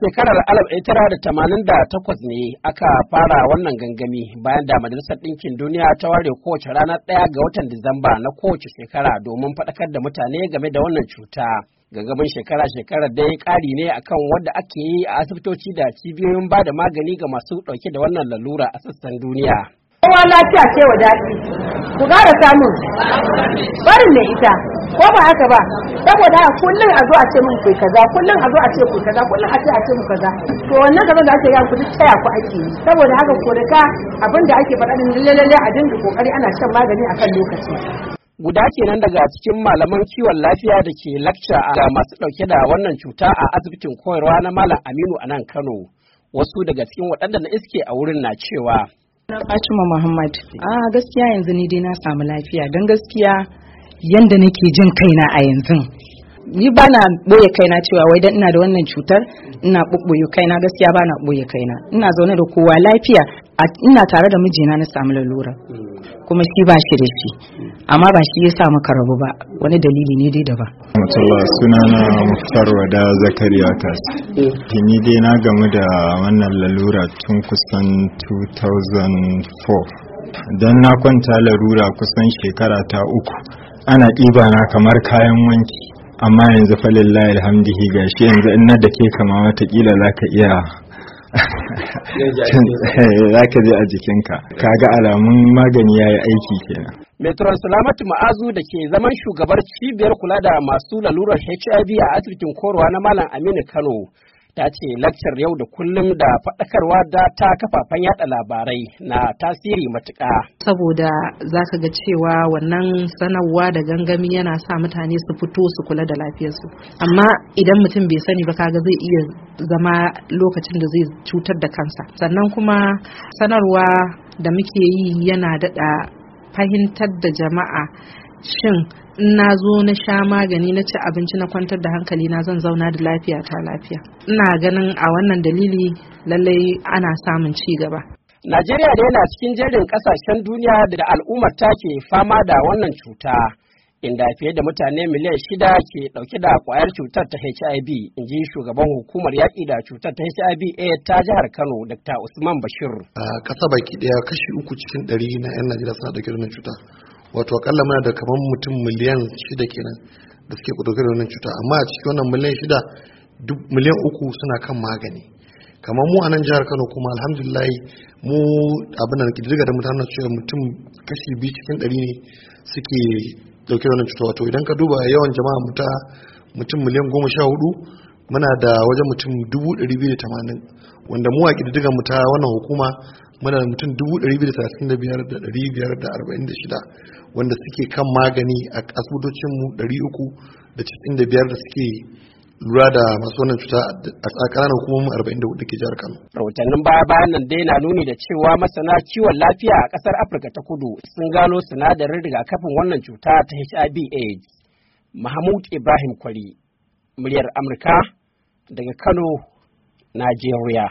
shekarar 1988 ne aka fara wannan gangami bayan da Majalisar Ɗinkin Duniya ta ware kowace rana ɗaya ga watan Disamba na kowace shekara domin faɗakar da mutane game da wannan cuta. Gangamin shekara-shekara dai ƙari ne akan wadda ake yi a asibitoci da cibiyoyin ba da magani ga masu ɗauke da wannan lalura a sassan duniya. kowa lafiya ce wa daɗi ku gara samun barin mai ita ko ba haka ba saboda haka kullum a zo a ce mun kai kaza kullum a zo a ce ku kaza kullum a ce a ce mu kaza to wannan kaza da ake yi ku duk tsaya ku ake yi saboda haka ko ka abinda ake faɗa din lalle a dinga kokari ana shan magani akan lokaci guda kenan daga cikin malaman kiwon lafiya da ke lakca ga masu ɗauke da wannan cuta a asibitin koyarwa na malam aminu a nan kano wasu daga cikin waɗanda na iske a wurin na cewa Fatima Muhammad. Ah gaskiya yanzu ni dai na samu lafiya don gaskiya yanda nake jin kaina a yanzu. Ni ba na ɓoye kaina cewa wai dan ina da wannan cutar ina ɓoɓɓoye kaina gaskiya ba na ɓoye kaina. Ina zaune da kowa lafiya ina tare da mijina na samu lalura. Mm. Kuma shi ba shi da shi. amma ba shi yasa muka rabu ba wani dalili ne dai daban suna sunana muftar wada zakariya kas eh. ni dai na gamu da wannan lalura tun kusan 2004 don na kwanta larura kusan shekara ta uku ana ɗiba na kamar kayan wanki amma yanzu falillahi ga gashi yanzu in da ke kama watakila za ka iya za ka je a jikinka Ka ga alamun magani ya yi aiki kenan metron salamatu ma'azu da ke zaman shugabar cibiyar kula da masu lalurar hiv a asibitin korowa na malam aminu kano ta ce lakcar yau da kullum da faɗakarwa da ta kafafen yada labarai na tasiri matuka. Saboda za ka ga cewa wannan sanarwa da gangami yana sa mutane su fito su kula da lafiyarsu. Amma idan mutum bai sani ba kaga zai iya zama lokacin da zai cutar da kansa. Sannan kuma sanarwa da muke yi yana daɗa fahimtar da jama'a shin in na zo na sha magani na ci abinci na kwantar da hankali na zan zauna da lafiya ta lafiya ina ganin a wannan dalili lallai ana samun ci gaba Najeriya da yana cikin jerin kasashen duniya da al'ummar ta ke fama da wannan cuta inda fiye da mutane miliyan shida ke dauke da kwayar cutar ta HIV in ji shugaban hukumar yaƙi da cutar ta HIV a ta jihar Kano Dr. Usman Bashir. A ƙasa baki ɗaya kashi uku cikin ɗari na 'yan Najeriya suna dauke da cuta. wato akalla muna da kamar mutum miliyan shida kenan da suke kudogar wannan cuta amma a cikin wannan miliyan shida miliyan uku suna kan magani kamar mu a nan jihar kano kuma alhamdulillah mu abin da kididdiga da mutanen cewa mutum kashi biyu cikin ɗari ne suke dauke wannan cuta wato idan ka duba yawan jama'a muta mutum miliyan goma sha hudu muna da wajen mutum dubu ɗari biyu da tamanin wanda mu a kididdigan mu ta wannan hukuma muna da mutum 235,546 wanda suke kan magani a asibitocinmu 395 da suke lura da masu wannan cuta a tsakanin hukumomin 44 ke jihar Kano. Rahotannin baya bayan nan dai na nuni da cewa masana kiwon lafiya a ƙasar Afirka ta Kudu sun gano sinadarin rigakafin wannan cuta ta HIV/AIDS. Mahmud Ibrahim Kwari, muryar Amurka daga Kano, Najeriya.